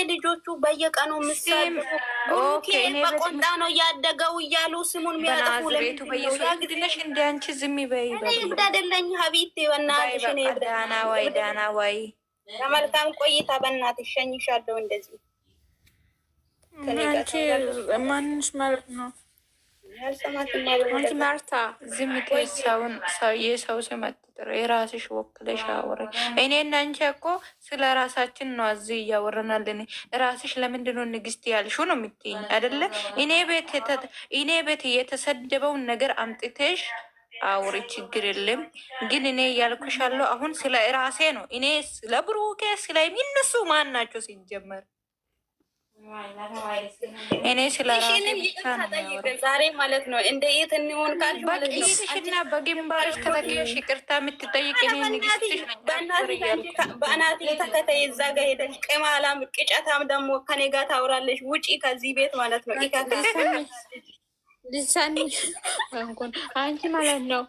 እንደ ልጆቹ በየቀኑ ምሳሌ በቆንጣ ነው ያደገው እያሉ ስሙን የሚያጠፉ ለቤቱ በየሱግድለሽ እንደ አንቺ ዝም ይበይ ይብድ አደለኝ ሀቢት በናዳና ወይ ዳና ወይ ለመልካም ቆይታ በናት ይሸኝሻለሁ እንደዚህ ማንሽ ማለት ነው አንቺ ማርታ ዝም ትይ፣ የሰው ስም አትጥሪ፣ የራስሽ ወክለሽ አውሪ። እኔ አንቺ እኮ ስለ ራሳችን ነው እዚህ እያወረናልን። ራስሽ ለምንድን ነው ንግስት ያልሽው ነው የምትይኝ አይደለ? እኔ ቤት የተሰደበውን ነገር አምጥተሽ አውሪ፣ ችግር የለም ግን እኔ እያልኩሻለሁ አሁን ስለ ራሴ ነው። እኔ ስለ ብሩኬ ስለ የሚነሱ ማን ናቸው ሲጀመር እኔ ስለራሴ ዛሬ ማለት ነው። እንደ የት እንሆን ካልሽ ማለት ነው ይሽና በግንባርሽ ከተገኘሽ ይቅርታ የምትጠይቅ በእናት የተከተይ እዛ ጋ ሄደሽ ቅማላም ቅጨታም ደግሞ ከኔ ጋር ታውራለሽ። ውጪ ከዚህ ቤት ማለት ነው። ልሳኒ አንቺ ማለት ነው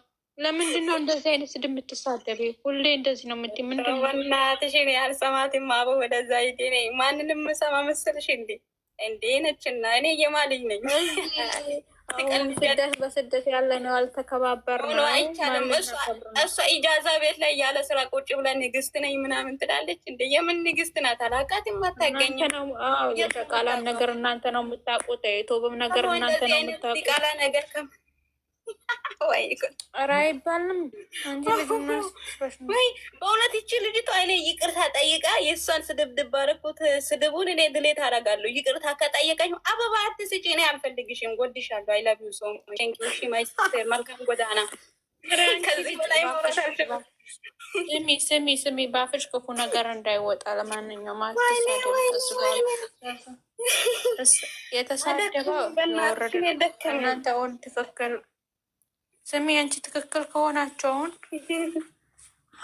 ለምንድን ነው እንደዚህ አይነት ስድብ የምትሳደብ? ሁሌ እንደዚህ ነው ምድ ምንድናትሽ? ያልሰማት ማበ ወደዛ ሂዴ ማንንም ሰማ መሰልሽ እንዴ? እንዴ ነችና እኔ የማልኝ ነኝ። ስደት በስደት ያለ ነው አልተከባበር ነው አይቻልም። እሷ ኢጃዛ ቤት ላይ ያለ ስራ ቁጭ ብላ ንግስት ነኝ ምናምን ትላለች። እንደ የምን ንግስት ናት? አላቃት የማታገኝ የተቃላም ነገር እናንተ ነው የምታውቁት። የቶብም ነገር እናንተ ነው የምታውቁት። ነገር ከም ኧረ አይባልም። ወይ በእውነት ይቺ ልጅቷ እኔ ይቅርታ ጠይቃ የእሷን ስድብ ድባረኩት። ስድቡን እኔ ድሌት አደርጋለሁ። ይቅርታ ከጠየቀኝ አበባ አትስጪ፣ እኔ አልፈልግሽም፣ ጎድሻለሁ። አይ ላቭ ዩ ሶ ማች መልካም ጎዳና። ስሚ ስሚ ስሚ፣ በአፍሽ ክፉ ነገር እንዳይወጣ። ለማንኛውም የተሳደበው እናንተ ወንድ ትክክል ስሚ አንቺ ትክክል ከሆናችሁ አሁን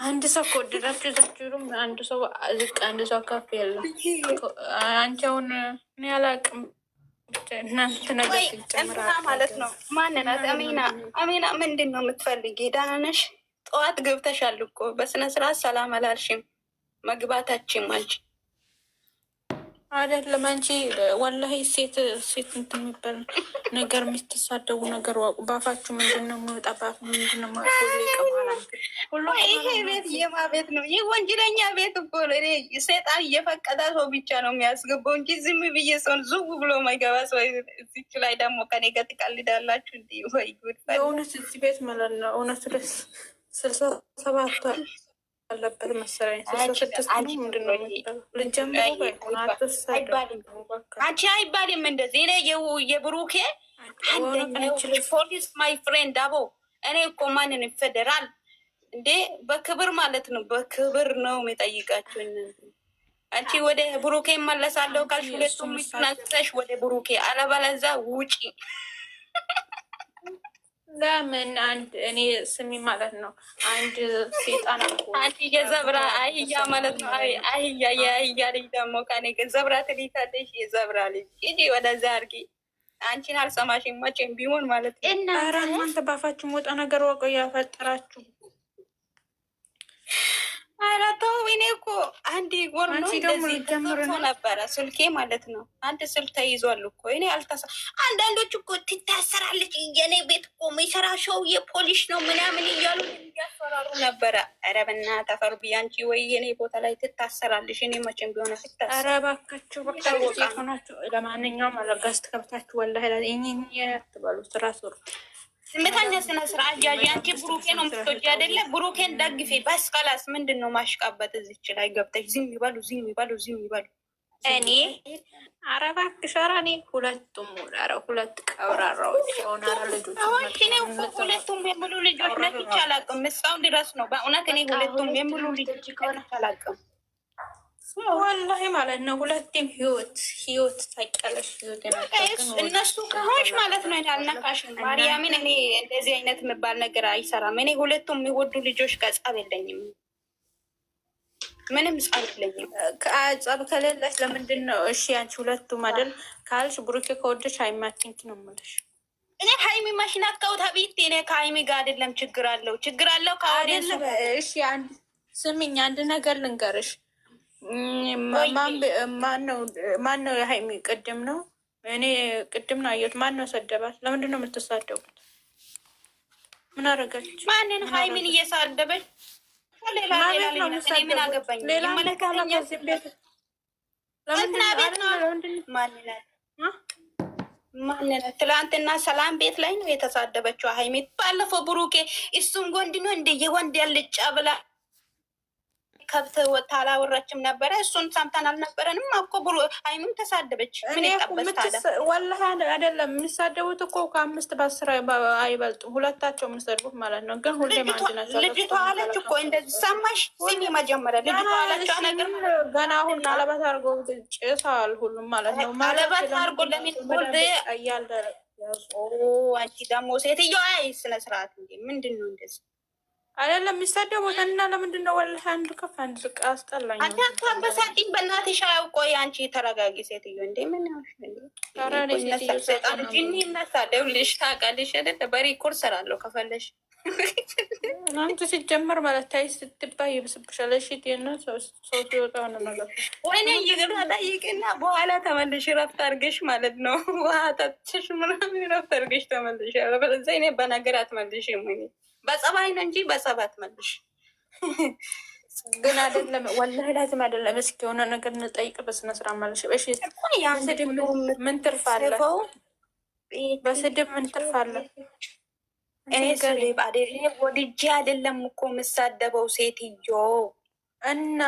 አንድ ሰው ከወደዳችሁ ዛችሁም አንድ ሰው ዝቅ አንድ ሰው ከፍ ያለ አንቺ አሁን እኔ አላቅም። እናንተ ነገር ትጨምራለህ ማለት ነው። ማንናት አሚና አሚና ምንድን ነው የምትፈልጊ? ደህና ነሽ? ጠዋት ገብተሻል እኮ በስነ ስርዓት ሰላም አላልሽም። መግባታችን አልች አይደለም አንቺ ወላሂ ሴት ሴት እንትን የሚባል ነገር የሚተሳደቡ ነገር ዋቁ። ባፋችሁ ምንድን ነው የሚወጣ? ባፍ ምንድን ነው ይሄ ቤት? የማ ቤት ነው? ይህ ወንጀለኛ ቤት እኮ ሴጣን እየፈቀደ ሰው ብቻ ነው የሚያስገባው እንጂ ዝም ብዬ ሰውን ዝው ብሎ ማይገባ ሰው እዚች ላይ ደግሞ ከኔ ጋር ትቀልዳላችሁ። እንዲ ወይ ጉድ! እውነት እዚህ ቤት ማለት ነው እውነት ስልሳ ሰባት አለበት መሰለኝ። አንቺ አይባልም እንደዚህ። እኔ የብሩኬ አንደኛ ፖሊስ ማይ ፍሬንድ አቦ እኔ እኮ ማንን ፌደራል እንዴ በክብር ማለት ነው። በክብር ነው የሚጠይቃቸው። አንቺ ወደ ብሩኬ ይመለሳለሁ ካልሽ ሁለቱም ልጁን ወደ ብሩኬ፣ አለበለዚያ ውጪ ለምን አንድ እኔ ስሚ ማለት ነው። አንድ ሴጣን አንድ የዘብራ አህያ ማለት ነው። አህያ የአህያ ልጅ ደግሞ ከኔ ግን ዘብራ ትሊታለሽ የዘብራ ልጅ ሂጂ ወደዚ አርጊ። አንቺን አልሰማሽም መቼም ቢሆን ማለት ነው። እናንተ ባፋችሁ ሞጣ ነገር ወቀ ያፈጠራችሁ ኧረ ተው። እኔ እኮ አንዴ ነው እንደዚህ ተሰርቶ ነበረ ስልኬ ማለት ነው። አንድ ስልክ ተይዟል እኮ እኔ አልታሰ አንዳንዶች እኮ ትታሰራለች፣ የኔ ቤት እኮ የሚሰራ ሰው የፖሊስ ነው ምናምን እያሉ እያስፈራሩ ነበረ። ኧረ በእናትህ አፈር ብዬ ወይ የኔ ቦታ ላይ ትታሰራለች። እኔ መቼም ቢሆን ትታሰራለሽ። ኧረ እባካችሁ በቃ ሆናችሁ ለማንኛውም አለጋስ ትከብታችሁ ወላሂ ላ ይኝ ትበሉ ስራ ስሩ ስምታኛ ስነ ስርዓት ያዥ። አንቺ ብሩኬ ነው የምትወጂ አይደለ? ብሩኬን ደግፌ በስ ቀላስ ምንድን ነው ማሽቃበት? እዚች ላይ ገብተሽ ዝም ይበሉ፣ ዝም ይበሉ፣ ዝም ይበሉ። እኔ ኧረ እባክሽ ኧረ እኔ ሁለቱም ኧረ ሁለት ቀብራራዎች ሆነ ልጆች ሁለቱም የምሉ ልጆች ነች አላውቅም። እስካሁን ድረስ ነው በእውነት እኔ ሁለቱም የምሉ ልጆች ከሆነ አላውቅም ወላሂ ማለት ነው። ሁለቴም ህይወት ህይወት ታውቂያለሽ፣ ህይወት እነሱ ከሆንሽ ማለት ነው። አልነካሽም ማርያምን። እኔ እንደዚህ አይነት የምባል ነገር አይሰራም። እኔ ሁለቱም የሚወዱ ልጆች ጋር ጸብ የለኝም፣ ምንም ጸብ የለኝም። ጸብ ከሌለሽ ለምንድን ነው እሺ? አንቺ ሁለቱም አይደል ካልሽ ብሩኬ ከወደሽ አይማቲንክ ነው የምልሽ እኔ ሀይሚ ማሽናት ከውታ ቤት ኔ ከሀይሚ ጋር አይደለም ችግር አለው ችግር አለው ከአዴ እሺ። አንድ ስሚኝ፣ አንድ ነገር ልንገርሽ ማን ነው የሀይሚ? ቅድም ነው እኔ ቅድም ነው አየሁት። ማን ነው ሰደባት? ለምንድን ነው የምትሳደቡት? ምን አደረገች? ማንን? ሀይሚን እየሳደበች ትላንትና ሰላም ቤት ላይ ነው የተሳደበችው ሀይሜ። ባለፈው ብሩኬ እሱም ወንድ ነው እንደየ ወንድ ያልጫ ብላ ከብት ወታ አላወራችም ነበረ። እሱን ሰምተን አልነበረንም እኮ ብሩ አይምም ተሳደበች። ምን ይቀበልታለ? ወላሂ አይደለም የሚሳደቡት እኮ ከአምስት በአስር አይበልጡም። ሁለታቸው የምንሰድቡት ማለት ነው። ግን ሁሌ አንድ ናቸው። ልጅቷ አለች እኮ እንደዚህ ሰማሽ? ሲኒ መጀመሪያ ልጅቷ አለች ነገር ገና አሁን አለበት አርጎ ጭሳል ሁሉም ማለት ነው። አለበት አርጎ ለሚል እያለ አንቺ ደግሞ ሴትዮዋ ስነስርዓት እንዴ ምንድን ነው እንደዚህ አይደለም የሚሳደቡት እና ለምንድን ነው ወላሂ አንዱ ከፍ አንድ ዝቅ አስጠላኝ። አንተ አንበሳጢኝ በእናትሽ ቆይ አንቺ ተረጋጊ ሴትዮ። እንዴ ምን ጅኒ እናሳደብልሽ ታውቃለሽ አይደለ? በሪኮርድ ሰራለሁ ከፈለሽ አንቺ ሲጀመር ማለት ታይ ስትባ ይብስብሻል። እሺ ጤና ሰው ሲወጣ ሆነ ነገር ወይኔ ይቅርታ ጠይቅና በኋላ ተመልሽ ረፍት አድርገሽ ማለት ነው። ውሃ ጠጥሽ ምናምን ረፍት አድርገሽ ተመልሽ። በዛ በነገር አትመልሽም ወይ በጸባይ ነው እንጂ በጸባት መልሽ ግን አይደለም። ወላሂ ላዝም አይደለም። እስኪ የሆነ ነገር እንጠይቅ በስነስራ ስርዓት ማለሽ። እሺ ስድብ ምን ትርፍ አለ? በስድብ ምን ትርፍ አለ? እኔ ስድብ አይደለም ወድጄ አይደለም እኮ የምሳደበው ሴትዮ እና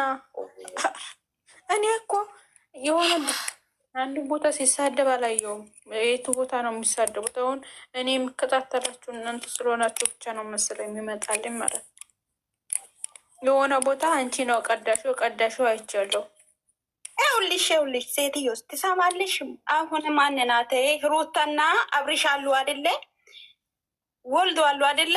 እኔ እኮ የሆነ አንድ ቦታ ሲሳደብ አላየውም። የቱ ቦታ ነው የሚሳደቡት? አሁን እኔ የምከታተላችሁ እናንተ ስለሆናችሁ ብቻ ነው መሰለኝ የሚመጣልኝ ማለት ነው። የሆነ ቦታ አንቺ ነው ቀዳሹ ቀዳሹ አይቻለሁ። ይኸውልሽ ይኸውልሽ ሴትዮ ትሰማለሽ? አሁን ማን ናት ሩታና አብሪሽ አሉ አይደለ? ወልዶ አሉ አይደለ?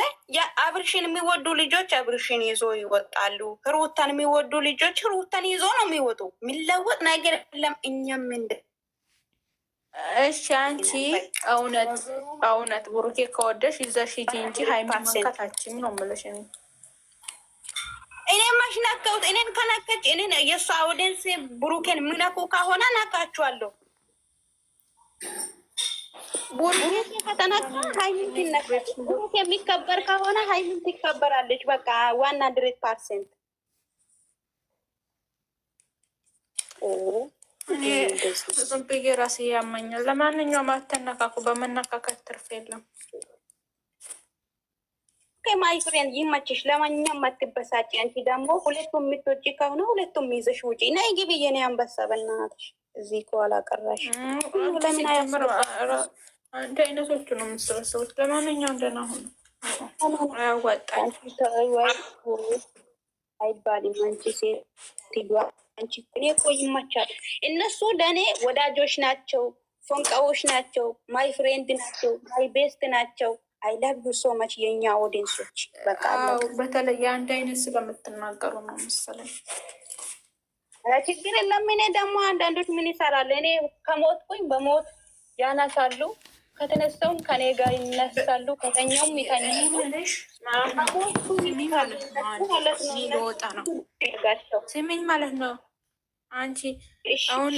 አብርሽን የሚወዱ ልጆች አብርሽን ይዞ ይወጣሉ። ሩታን የሚወዱ ልጆች ሩታን ይዞ ነው የሚወጡ። የሚለወጥ ነገር የለም። እኛም እንደ እሺ አንቺ እውነት እውነት ቡሩኬ ከወደሽ ይዘሽ ሂጂ እንጂ ሀይሚ መንካታችን ነው የምልሽ። እኔ ማሽ ናካሁት እኔን ከናከች እኔን የእሱ አውደንስ ቡሩኬን ምነኩ ከሆነ ናካችኋለሁ። ቡሩኬ ከተነካ ሀይሚን ትነካች። ብሩኬ የሚከበር ከሆነ ሀይሚን ትከበራለች። በቃ ዋና ድሬት ፐርሰንት እኔ ዝም ብዬ ራሴ ያመኛል። ለማንኛውም አተነካኩ፣ በመነካከት ትርፍ የለም። ማይ ፍሬንድ ይመችሽ። ለማንኛውም አትበሳጭ። አንቺ ደግሞ ሁለቱም የምትወጪ ከሆነ ሁለቱም ይዘሽ ውጪ። ነይ ግቢ የኔ አንበሳ፣ በናትሽ እዚህ ከኋላ ቀራሽ። አንድ አይነቶቹ ነው የምሰበሰቡት። ለማንኛውም ደህና ሁኑ። አያዋጣኝ አይባልም አንቺ ሴት አንቺ እኔ እኮ ይመቻል። እነሱ ለእኔ ወዳጆች ናቸው፣ ፎንቃዎች ናቸው፣ ማይ ፍሬንድ ናቸው፣ ማይ ቤስት ናቸው። አይ ላቭ ዩ ሶ መች የእኛ ኦዲንሶች። በተለይ የአንድ አይነት ስለምትናገሩ ነው መሰለኝ ችግር የለም። እኔ ደግሞ አንዳንዶች ምን ይሰራል፣ እኔ ከሞትኩኝ በሞት ያነሳሉ፣ ከተነሳውም ከኔ ጋር ይነሳሉ፣ ከተኛውም ይተኛሉ። ማለት ነው። ማለት ነው አንቺ አሁን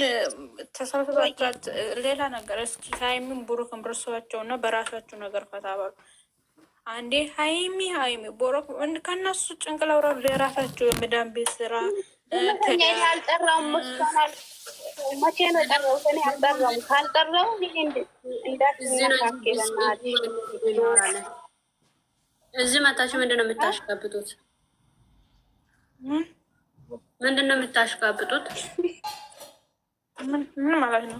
ተሳስባችኋት ሌላ ነገር። እስኪ ሀይሚን ቡሩክም እና በራሳችሁ ነገር ፈታ በሉ። አንዴ ሀይሚ ሀይሚ ቦሮክ ከእነሱ ጭንቅላው የራሳችሁ የምዳን ቤት ስራ መቼ ነው የጠራሁት? እኔ አልጠራሁም። እዚህ መታችሁ ምንድን ነው የምታሽከብጡት? ምንድን ነው የምታሽጋብጡት? ምን ማለት ነው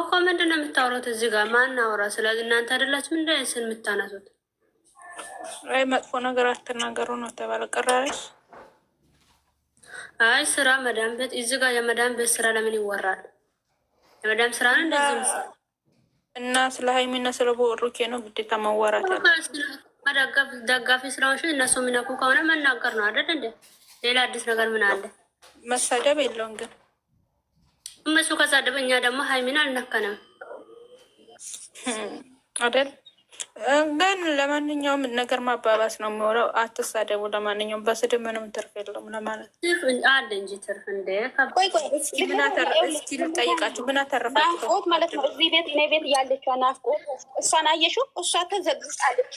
እኮ? ምንድን ነው የምታውረት? እዚህ ጋር ማናውራ? አውራ? ስለዚህ እናንተ አይደላችሁ ምንድ ስን የምታነሱት? አይ መጥፎ ነገር አትናገሩ ነው ተባለ። ቀራለች። አይ ስራ መዳን ቤት እዚህ ጋር የመዳን ቤት ስራ ለምን ይወራል? የመዳም ስራ ነው እንደዚህ እና ስለ ሀይሚና ስለ ቦሩኬ ነው ግዴታ መወራት ደጋፊ ስራዎች እነሱ የሚነኩ ከሆነ መናገር ነው አይደል እንዴ? ሌላ አዲስ ነገር ምን አለ? መሳደብ የለውም ግን እነሱ ከሳደበ እኛ ደግሞ ሀይሚን አልነከነም አደል ግን ለማንኛውም ነገር ማባባስ ነው የሚሆነው። አትሳደቡ። ለማንኛውም በስድብ ምንም ትርፍ የለውም ለማለት አለ እንጂ ትርፍ እንደ እስኪ ልጠይቃችሁ ምን አተረፋችሁ? ናፍቆት ማለት ነው። እዚህ ቤት እኔ ቤት እያለች ናፍቆት እሷን አየሽው? እሷ ተዘግዝቃለች።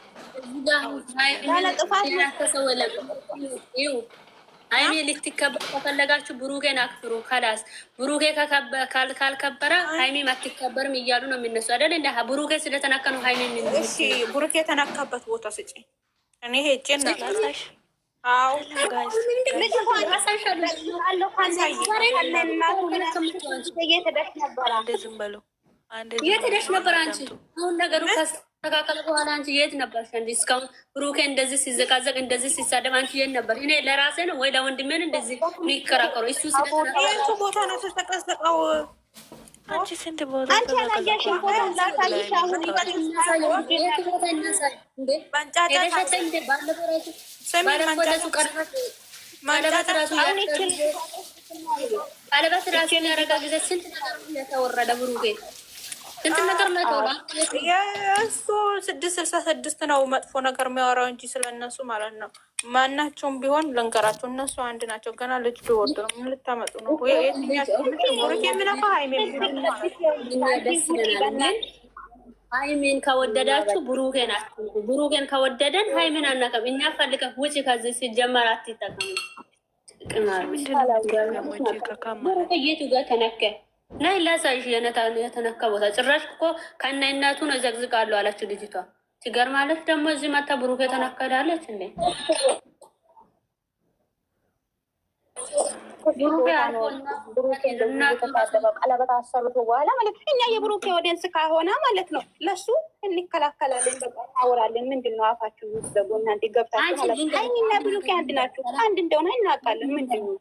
አይኔ ልትከበር ከፈለጋችሁ ብሩኬን አክብሩ። ከላስ ብሩኬ ካልከበረ ሀይሜ አትከበርም እያሉ ነው የሚነሱ አይደል? እንደ ብሩኬ ስለተናከ ነው ሀይሜ እሺ፣ ብሩኬ የተናካበት ቦታ ስጪ። እኔ ሄጄ እናሳሽ። አዎ የት ሄደሽ ነበር አንቺ? አሁን ነገሩ ከስ ከተስተካከለ በኋላ አንቺ የት ነበርሽ? እንዲ እስካሁን ብሩኬ እንደዚህ ሲዘቃዘቅ እንደዚህ ሲሳደብ አንቺ የት ነበር? እኔ ለራሴ ነው ወይ ለወንድሜን እንደዚህ የሚከራከሩ እሱ ስለተናቱ ቦታ ነው አንቺ ስንት ቦታ አንቺ አላየሽም? ቦታ ላሳይሽ አሁን ራሱ ያረጋ ጊዜ ስንት ነገር ብሩኬ ስንት ነገር የእሱ ስድስት ስልሳ ስድስት ነው መጥፎ ነገር የሚያወራው እንጂ ስለነሱ ማለት ነው። ማናቸውም ቢሆን ልንገራቸው፣ እነሱ አንድ ናቸው። ገና ልጅ ቢወዱ ነው። ምን ልታመጡ ነው? ከወደዳችሁ ብሩኬ ብሩኬን ከወደደን አናቀም። እኛ ፈልገ ውጭ ከዚህ ሲጀመር ጋር ተነከ ናይ ላሳይሽ የተነካ ቦታ ጭራሽ እኮ ከናይ እናቱ ነው ዘግዝቃለሁ አላችሁ ልጅቷ። ትገርማለች ደግሞ እዚህ መታ ብሩክ የተነከዳለች እንዴ! ቀለበት አሰሩት በኋላ ማለት እኛ የብሩክ ወደንስ ካሆነ ማለት ነው ለሱ እንከላከላለን፣ እናወራለን። ምንድን ነው አፋችሁ ዘጎ እናንተ ገብታችሁ ማለት ብሩክ አንድ ናችሁ፣ አንድ እንደሆነ እናውቃለን። ምንድን ነው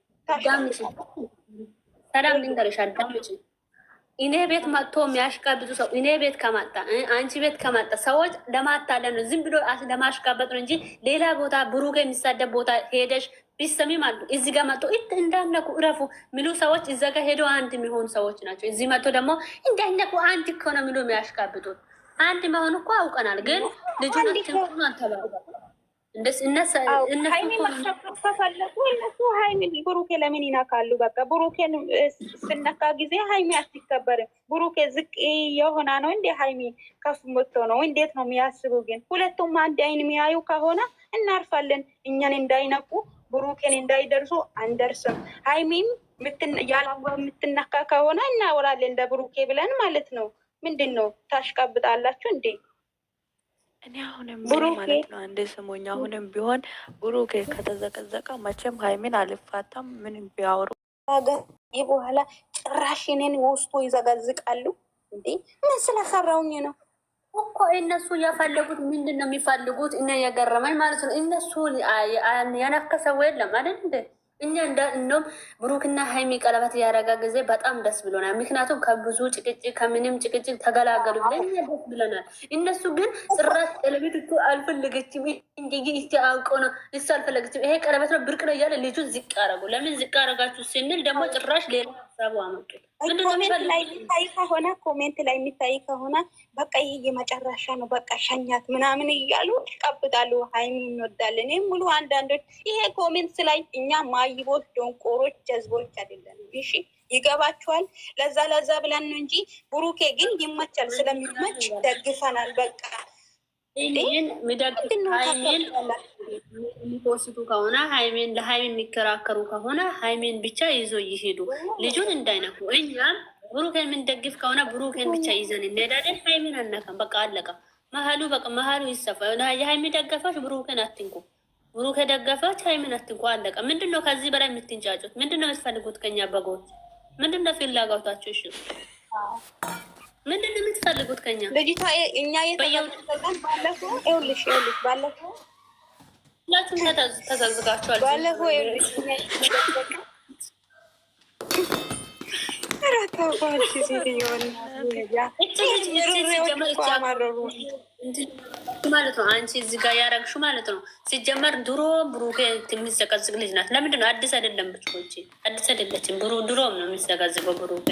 ሰላም ልንገርሽ፣ አዳምጪ። እኔ ቤት መጥቶ የሚያሽቃብጡ ሰው እኔ ቤት ከመጣ አንቺ ቤት ከመጣ ሰዎች ለማታለል ነው፣ ዝም ብሎ ለማሽቃበጥ ነው እንጂ ሌላ ቦታ ብሩክ የሚሳደብ ቦታ ሄደሽ ቢሰሚ ማለት እዚ ጋ መጥቶ እት እንዳነኩ እረፉ ሚሉ ሰዎች እዛ ጋ ሄዶ አንድ የሚሆኑ ሰዎች ናቸው። እዚ መጥቶ ደግሞ እንዳነኩ አንድ ከሆነ ሚሉ የሚያሽቃብጡት አንድ መሆኑ እኮ አውቀናል፣ ግን ልጁ ናቸው አንተባ ሀይሚ ማሳካት ከፈለጉ እነሱ ሀይሚን ብሩኬ ለምን ይነካሉ? በቃ ብሩኬን ስነካ ጊዜ ሀይሚ አትከበርም። ብሩኬ ዝቅ የሆና ነው እንዴ? ሀይሚ ከፍ ሞቶ ነው እንዴት ነው የሚያስቡ? ግን ሁለቱም አንድ አይን የሚያዩ ከሆነ እናርፋለን። እኛን እንዳይነቁ ብሩኬን እንዳይደርሱ አንደርስም። ሀይሚም ያላ የምትነካ ከሆነ እናወራለን። እንደ ብሩኬ ብለን ማለት ነው። ምንድን ነው ታሽቀብጣላችሁ እንዴ? እኔ አሁንም ማለት ነው እንደ ስሞኛ አሁንም ቢሆን ብሩክ ከተዘቀዘቀ መቼም ሀይሜን አልፋታም። ምን ቢያወሩ ይህ በኋላ ጭራሽ እኔን ውስጡ ይዘጋዝቃሉ እንዴ? ምን ስለሰራውኝ ነው እኮ እነሱ የፈለጉት ምንድን ነው የሚፈልጉት? እኔ የገረመኝ ማለት ነው እነሱ ያነከሰው የለም አይደል እንዴ እኛ እንደውም ብሩክና ሀይሚ ቀለበት ያደረጋ ጊዜ በጣም ደስ ብሎናል። ምክንያቱም ከብዙ ጭቅጭቅ ከምንም ጭቅጭቅ ተገላገሉ ብለን እኛ ደስ ብለናል። እነሱ ግን ጭራሽ ቀለበት እኮ አልፈለገችም እንዲ እስቲ አውቀው ነው እሱ አልፈለገችም፣ ይሄ ቀለበት ነው ብርቅ ነው እያለ ልጁን ዝቅ አረጉ። ለምን ዝቅ አረጋችሁ ስንል ደግሞ ጭራሽ ሌላ ሀሳቡ አመጡት። ላይ ከሆነ ኮሜንት ላይ የሚታይ ከሆነ በቃ ይህ የመጨረሻ ነው፣ በቃ ሸኛት ምናምን እያሉ ይቀብጣሉ። ሀይሚ እንወዳለን ይህ ሙሉ አንዳንዶች ይሄ ኮሜንት ላይ እኛ ማይቦች፣ ዶንቆሮች፣ ጀዝቦች አይደለም። እሺ ይገባችኋል። ለዛ ለዛ ብለን ነው እንጂ ብሩኬ ግን ይመቻል ስለሚመች ደግፈናል በቃ የሚፖስቱ ከሆነ ሀይሜን ለሀይሜ የሚከራከሩ ከሆነ ሀይሜን ብቻ ይዞ ይሄዱ፣ ልጁን እንዳይነኩ። እኛም ብሩኬን የምንደግፍ ከሆነ ብሩኬን ብቻ ይዘን እንሄዳለን። ሀይሜን አናከም። በቃ አለቀ። መሀሉ በቃ መሀሉ ይሰፋ። የሀይሜ ደገፋች ብሩኬን አትንኩ፣ ብሩኬ ደገፋች ሀይሜን አትንኩ። አለቀ። ምንድን ነው ከዚህ በላይ የምትንጫጩት? ምንድን ነው የምትፈልጉት ከኛ በጎች? ምንድን ነው ፍላጎታችሁ? እሺ ምንድን ነው የምትፈልጉት ከኛ? ልጅቷ እኛ የተበጣም ባለፈው ይኸውልሽ ይኸውልሽ ባለፈው ሁላችሁም ተዘግዝጋችኋል። ባለፈው ይኸውልሽ ማለት ነው። አንቺ እዚህ ጋር ያረግሹ ማለት ነው። ሲጀመር ድሮ ብሩኬ የሚዘቀዝቅ ልጅ ናት። ለምንድን ነው አዲስ አይደለም? አዲስ አይደለችም። ብሩ ድሮም ነው የሚዘቀዝቀው ብሩኬ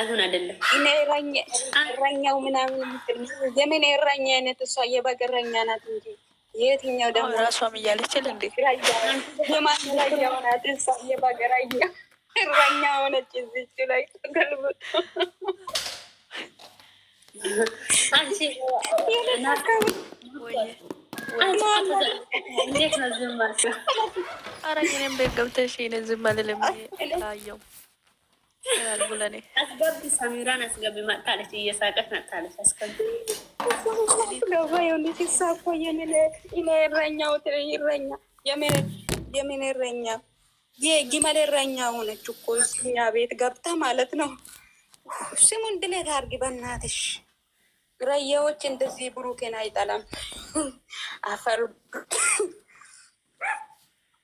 አሁን አይደለም። እረኛው ምናምን የምን እረኛ አይነት እሷ የበግ እረኛ ናት እንጂ የትኛው ደግሞ ራሷም እያለችል እንዴ ናት እሷ የበግ እረኛ እረኛ ሆነች እዚች ላይ ተገልብጦ ኧረ እኔም ቤት ገብተሽ ይሄንን ዝም አልልም። አስገቢ፣ ሰሚራን አስገቢ። መጥታለች፣ እየሳቀች መጥታለች። አስገቢ የምን እረኛ የግመል እረኛ ሆነች እኮ እኛ ቤት ገብታ ማለት ነው። ስሙን ድነት አርጊ በናትሽ። ረያዎች እንደዚህ ብሩኬን አይጠላም። አፈር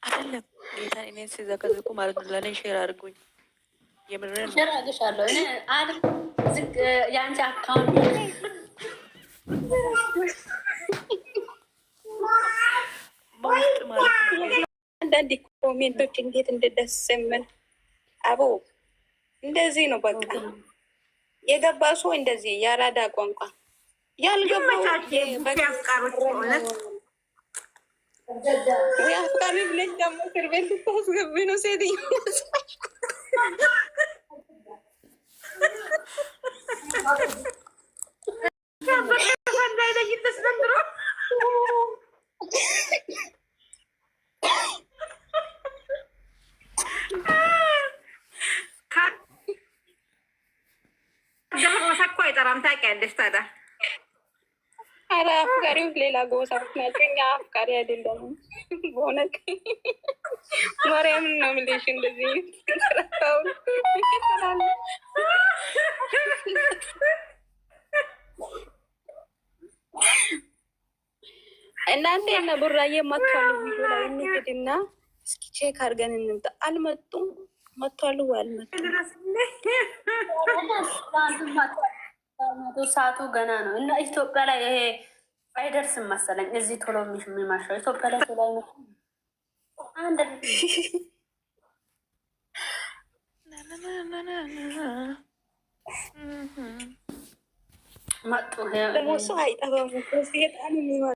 አይደለም ጌታ እኔን ሲዘቀዝቁ ማለት ነው። ለእኔ ሼር አድርጉኝ። ሼር አድርግሻለሁ። የአንቺ አካውንት ኮሜንቶች እንዴት እንደደስ የምን አቦ እንደዚህ ነው በቃ የገባ ሰው እንደዚህ የአራዳ ቋንቋ ያልገባው አፍቃሪ ብለሽ ደግሞ እስር ቤት ልታስገቢ ነው ሴትዮ። ቋንቋም ታውቂያለሽ ታዲያ። ኧረ አፍቃሪዎች ሌላ ጎሳ ናቸው። እኛ አፍቃሪ አይደለም። በእውነት ማርያምን ነው የምልሽ። እንደዚህ እናንተ እና ቡራዬ መቷሉ ቪዲዮ ላይ እንሂድና እስኪ ቼክ አድርገን እንምጣ። አልመጡም። መቷሉ አልመጡም ሰዓቱ ገና ነው እና ኢትዮጵያ ላይ ይሄ አይደርስም መሰለኝ። እዚህ ቶሎ የሚመሻው ኢትዮጵያ ላይ ቶሎ አንድ መጡ ደግሞ እሱ አይጠፋም።